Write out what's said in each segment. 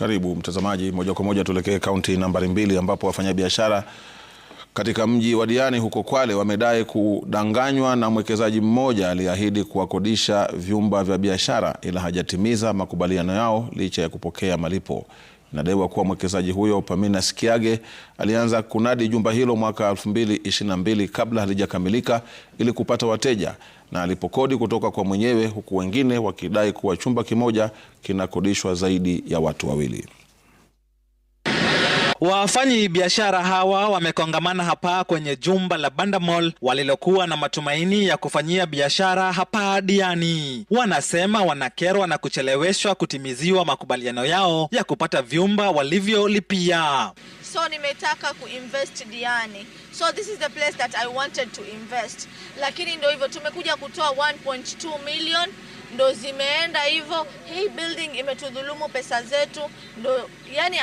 Karibu mtazamaji, moja kwa moja tuelekee kaunti nambari mbili ambapo wafanyabiashara katika mji wa Diani huko Kwale wamedai kudanganywa na mwekezaji mmoja aliyeahidi kuwakodisha vyumba vya biashara ila hajatimiza makubaliano yao licha ya kupokea malipo. Inadaiwa kuwa mwekezaji huyo Pamina Sikiage alianza kunadi jumba hilo mwaka 2022 kabla halijakamilika ili kupata wateja na alipokodi kutoka kwa mwenyewe, huku wengine wakidai kuwa chumba kimoja kinakodishwa zaidi ya watu wawili. Wafanyi biashara hawa wamekongamana hapa kwenye jumba la Banda Mall walilokuwa na matumaini ya kufanyia biashara hapa Diani. Wanasema wanakerwa na kucheleweshwa kutimiziwa makubaliano yao ya kupata vyumba walivyolipia. So nimetaka kuinvest Diani. So this is the place that I wanted to invest. Lakini ndio hivyo tumekuja kutoa 1.2 million ndo zimeenda hivyo. Hii building imetudhulumu pesa zetu, ndo yani,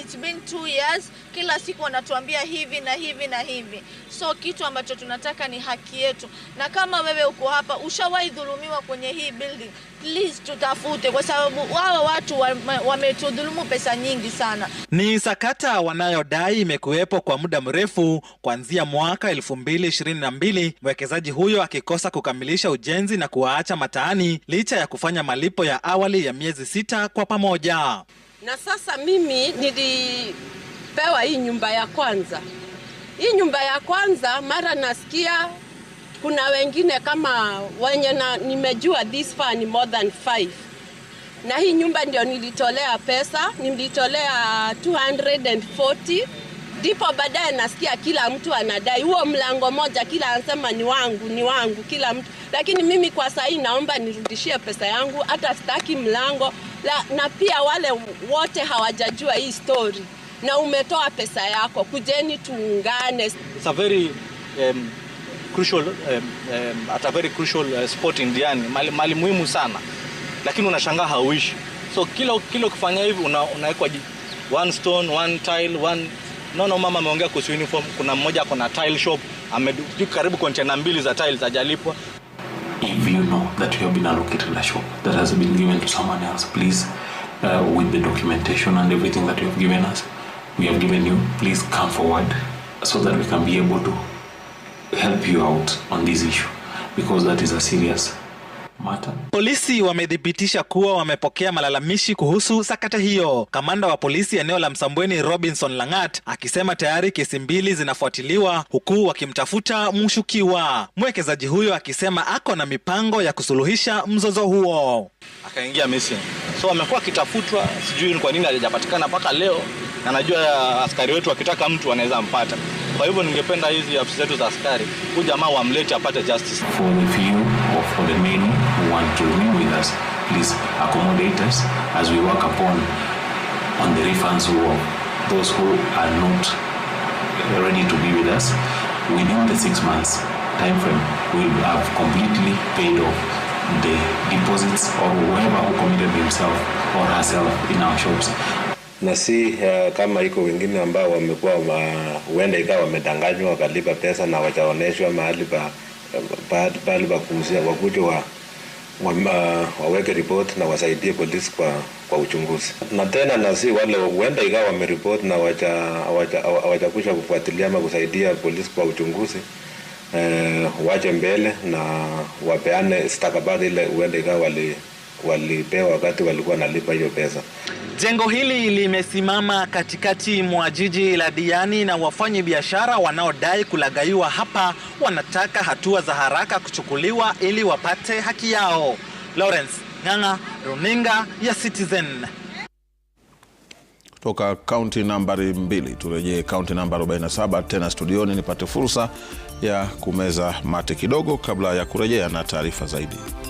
it's been two years, kila siku wanatuambia hivi na hivi na hivi. So kitu ambacho tunataka ni haki yetu, na kama wewe uko hapa ushawahi dhulumiwa kwenye hii building, please tutafute, kwa sababu wao watu wametudhulumu pesa nyingi sana. Ni sakata wanayodai imekuwepo kwa muda mrefu, kuanzia mwaka 2022 mwekezaji huyo akikosa kukamilisha ujenzi na kuwaacha mataani licha ya kufanya malipo ya awali ya miezi sita kwa pamoja. Na sasa mimi nilipewa hii nyumba ya kwanza. Hii nyumba ya kwanza, mara nasikia kuna wengine kama wenye na nimejua this far ni more than five, na hii nyumba ndio nilitolea pesa, nilitolea 240 ndipo baadaye nasikia kila mtu anadai huo mlango moja, kila anasema ni wangu, ni wangu, kila mtu lakini mimi kwa sahii naomba nirudishie pesa yangu, hata sitaki mlango la, na pia wale wote hawajajua hii story na umetoa pesa yako, kujeni tuungane. It's a very um, crucial um, um, at a very crucial uh, spot in Diani, mali, mali muhimu sana, lakini unashangaa hauishi. So kila kila ukifanya hivi unawekwa una one stone one tile one no no. mama ameongea kuhusu uniform. Kuna mmoja ako na tile shop karibu kontena mbili za tile hajalipwa if you know that you have been allocated a shop that has been given to someone else, please, uh, with the documentation and everything that you have given us, we have given you, please come forward so that we can be able to help you out on this issue because that is a serious Matter. Polisi wamethibitisha kuwa wamepokea malalamishi kuhusu sakata hiyo. Kamanda wa polisi eneo la Msambweni Robinson Langat akisema tayari kesi mbili zinafuatiliwa huku wakimtafuta mshukiwa. Mwekezaji huyo akisema ako na mipango ya kusuluhisha mzozo huo. Akaingia missing. So amekuwa akitafutwa, sijui kwa nini hajapatikana mpaka leo, na najua askari wetu akitaka mtu anaweza mpata. Kwa hivyo ningependa hizi afisa zetu za askari huyu jamaa wamlete apate justice. For the few, or for the many want to remain mm-hmm. with us, please accommodate us as we work upon on the refunds of those who are not ready to be with us. Within the six months time frame, we will have completely paid off the deposits of whoever who committed himself or herself in our shops na si uh, kama iko wengine ambao wamekuwa huenda ma, ikawa wamedanganywa wakalipa pesa na wachaoneshwa mahali eh, pa pahali pa kuuzia wakuja wa Uh, waweke ripot na wasaidie polisi kwa, kwa uchunguzi na tena na si wale huenda ikawa wameripoti na hawajakusha kufuatilia ama kusaidia polisi kwa uchunguzi eh, wache mbele na wapeane stakabadhi ile huenda ikawa wali walipewa wakati walikuwa wanalipa hiyo pesa. Jengo hili limesimama katikati mwa jiji la Diani na wafanyi biashara wanaodai kulagaiwa hapa wanataka hatua za haraka kuchukuliwa ili wapate haki yao. Lawrence Ng'ang'a, Runinga ya Citizen. Kutoka kaunti nambari mbili turejee kaunti namba 47 tena studioni, nipate fursa ya kumeza mate kidogo kabla ya kurejea na taarifa zaidi.